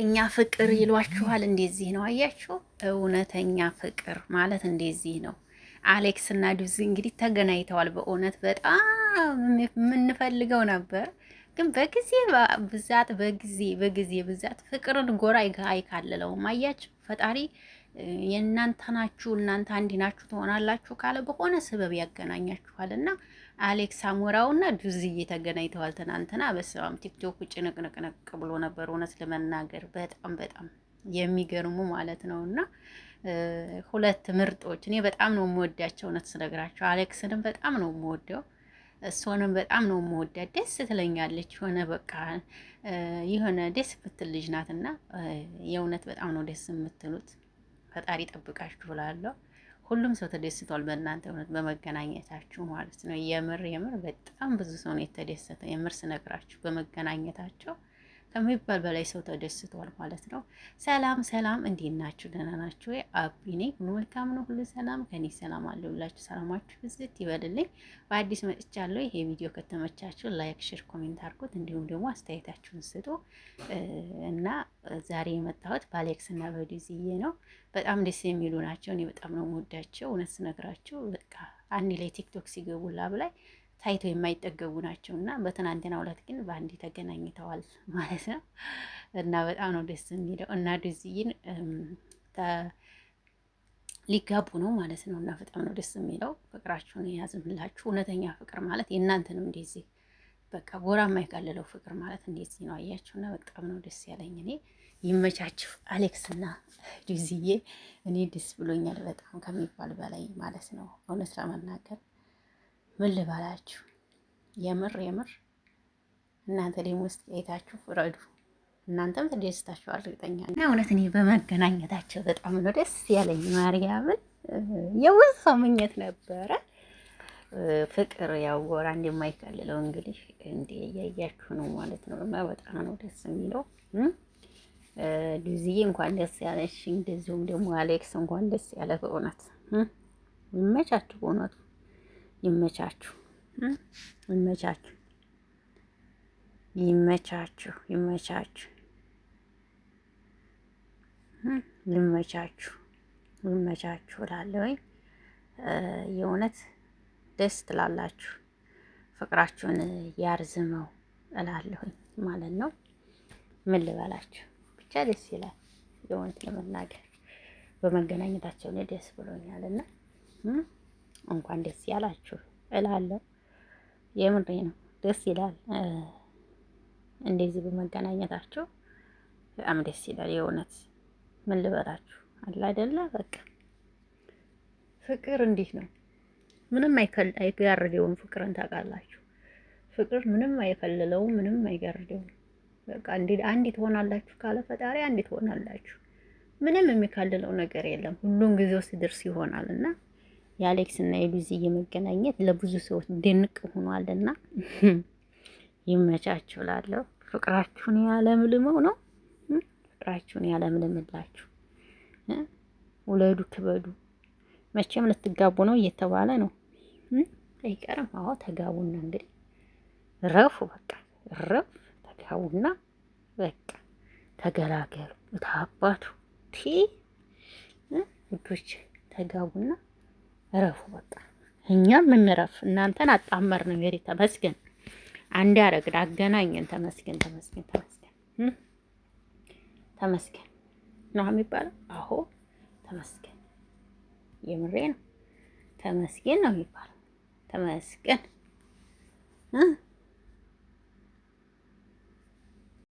እኛ ፍቅር ይሏችኋል። እንደዚህ ነው አያችሁ። እውነተኛ ፍቅር ማለት እንደዚህ ነው። አሌክስ እና ዱዚ እንግዲህ ተገናኝተዋል። በእውነት በጣም የምንፈልገው ነበር፣ ግን በጊዜ ብዛት በጊዜ በጊዜ ብዛት ፍቅርን ጎራ አይካልለውም። አያችሁ ፈጣሪ የእናንተ ናችሁ እናንተ አንድ ናችሁ ትሆናላችሁ ካለ በሆነ ስበብ ያገናኛችኋል እና አሌክስ አሞራው እና ዱዝዬ ተገናኝተዋል ትናንትና። በስማም ቲክቶክ ጭንቅንቅንቅ ብሎ ነበር እውነት ለመናገር በጣም በጣም የሚገርሙ ማለት ነው። እና ሁለት ምርጦች እኔ በጣም ነው የምወዳቸው እውነት ስነግራቸው፣ አሌክስንም በጣም ነው የምወደው እሷንም በጣም ነው የምወዳት። ደስ ትለኛለች። የሆነ በቃ የሆነ ደስ የምትል ልጅ ናትና የእውነት በጣም ነው ደስ የምትሉት። ፈጣሪ ጠብቃችሁ ብላለሁ። ሁሉም ሰው ተደስቷል። በእናንተ እውነት በመገናኘታችሁ ማለት ነው። የምር የምር በጣም ብዙ ሰው ነው የተደሰተው። የምር ስነግራችሁ በመገናኘታቸው ከሚባል በላይ ሰው ተደስቷል ማለት ነው። ሰላም ሰላም፣ እንዴት ናችሁ? ደህና ናችሁ ወይ? አቢ ነኝ። ሁሉ መልካም ነው፣ ሁሉ ሰላም፣ ከኔ ሰላም ሁላችሁ። ሰላማችሁ ብዝት ይበልልኝ። በአዲስ መጥቻለሁ። ይሄ ቪዲዮ ከተመቻችሁ ላይክ፣ ሼር፣ ኮሜንት አድርጉት፣ እንዲሁም ደግሞ አስተያየታችሁን ስጡ እና ዛሬ የመጣሁት በአሌክስ እና በዲዝዬ ነው። በጣም ደስ የሚሉ ናቸው። እኔ በጣም ነው የምወዳቸው እውነት ስነግራችሁ በቃ አንድ ላይ ቲክቶክ ሲገቡላ ብላይ ታይቶ የማይጠገቡ ናቸው እና በትናንትና ሁለት ግን በአንድ ተገናኝተዋል ማለት ነው። እና በጣም ነው ደስ የሚለው እና ዱዝይን ሊጋቡ ነው ማለት ነው። እና በጣም ነው ደስ የሚለው። ፍቅራችሁን የያዝምላችሁ እውነተኛ ፍቅር ማለት የእናንተንም እንደዚህ በቃ ቦራ የማይጋለለው ፍቅር ማለት እንደዚህ ነው። አያችሁ እና በጣም ነው ደስ ያለኝ። እኔ ይመቻችሁ አሌክስ እና ዱዝዬ። እኔ ደስ ብሎኛል በጣም ከሚባል በላይ ማለት ነው እውነት ለመናገር ምን ልበላችሁ፣ የምር የምር እናንተ ደግሞ ውስጥ ፍረዱ። እናንተም ተደስታችኋል እርግጠኛ ነኝ። እውነት እኔ በመገናኘታቸው በጣም ነው ደስ ያለኝ። ማርያምን የብዙ ሰው ምኞት ነበረ። ፍቅር ያው ጎራ እንደማይከልለው እንግዲህ እንደ እያያችሁ ነው ማለት ነው። እና በጣም ነው ደስ የሚለው። ሉዚዬ እንኳን ደስ ያለሽ፣ እንደዚሁም ደግሞ አሌክስ እንኳን ደስ ያለ። በእውነት ይመቻችሁ በእውነቱ ይመቻችሁ፣ ይመቻችሁ፣ ይመቻችሁ፣ ይመቻችሁ፣ ይመቻችሁ፣ ይመቻችሁ እላለሁኝ። የእውነት ደስ ትላላችሁ። ፍቅራችሁን ያርዝመው እላለሁኝ ማለት ነው። ምን ልበላችሁ ብቻ ደስ ይላል። የእውነት ለመናገር በመገናኘታቸው እኔ ደስ ብሎኛልና እንኳን ደስ ያላችሁ እላለሁ። የምሬ ነው፣ ደስ ይላል። እንደዚህ በመገናኘታችሁ በጣም ደስ ይላል። የእውነት ምን ልበላችሁ አለ አይደለ? በቃ ፍቅር እንዲህ ነው። ምንም አይጋርደውም። ፍቅርን ታውቃላችሁ። ፍቅር ምንም አይከልለውም፣ ምንም አይጋርደውም። በቃ አንድ ትሆናላችሁ ካለ ፈጣሪ አንድ ትሆናላችሁ። ምንም የሚካልለው ነገር የለም። ሁሉም ጊዜው ሲደርስ ይሆናል እና የአሌክስ እና የሉዚ መገናኘት ለብዙ ሰዎች ድንቅ ሆኗልና ይመቻችሁ እላለሁ። ፍቅራችሁን ያለምልመው ነው። ፍቅራችሁን ያለምልምላችሁ። ውለዱ፣ ክበዱ። መቼም ልትጋቡ ነው እየተባለ ነው አይቀርም። አዎ ተጋቡና እንግዲህ ረፉ፣ በቃ ረፍ ተጋቡና በቃ ተገላገሉ። ታባቱ ቲ ውዶች ተጋቡና እረፉ። በቃ እኛም እንረፍ፣ እናንተን አጣመርን። እንግዲህ ተመስገን አንድ ያረግድ አገናኘን። ተመስገን ተመስገን ተመስገን ተመስገን ነው የሚባለው። አዎ ተመስገን፣ የምሬ ነው። ተመስገን ነው የሚባለው። ተመስገን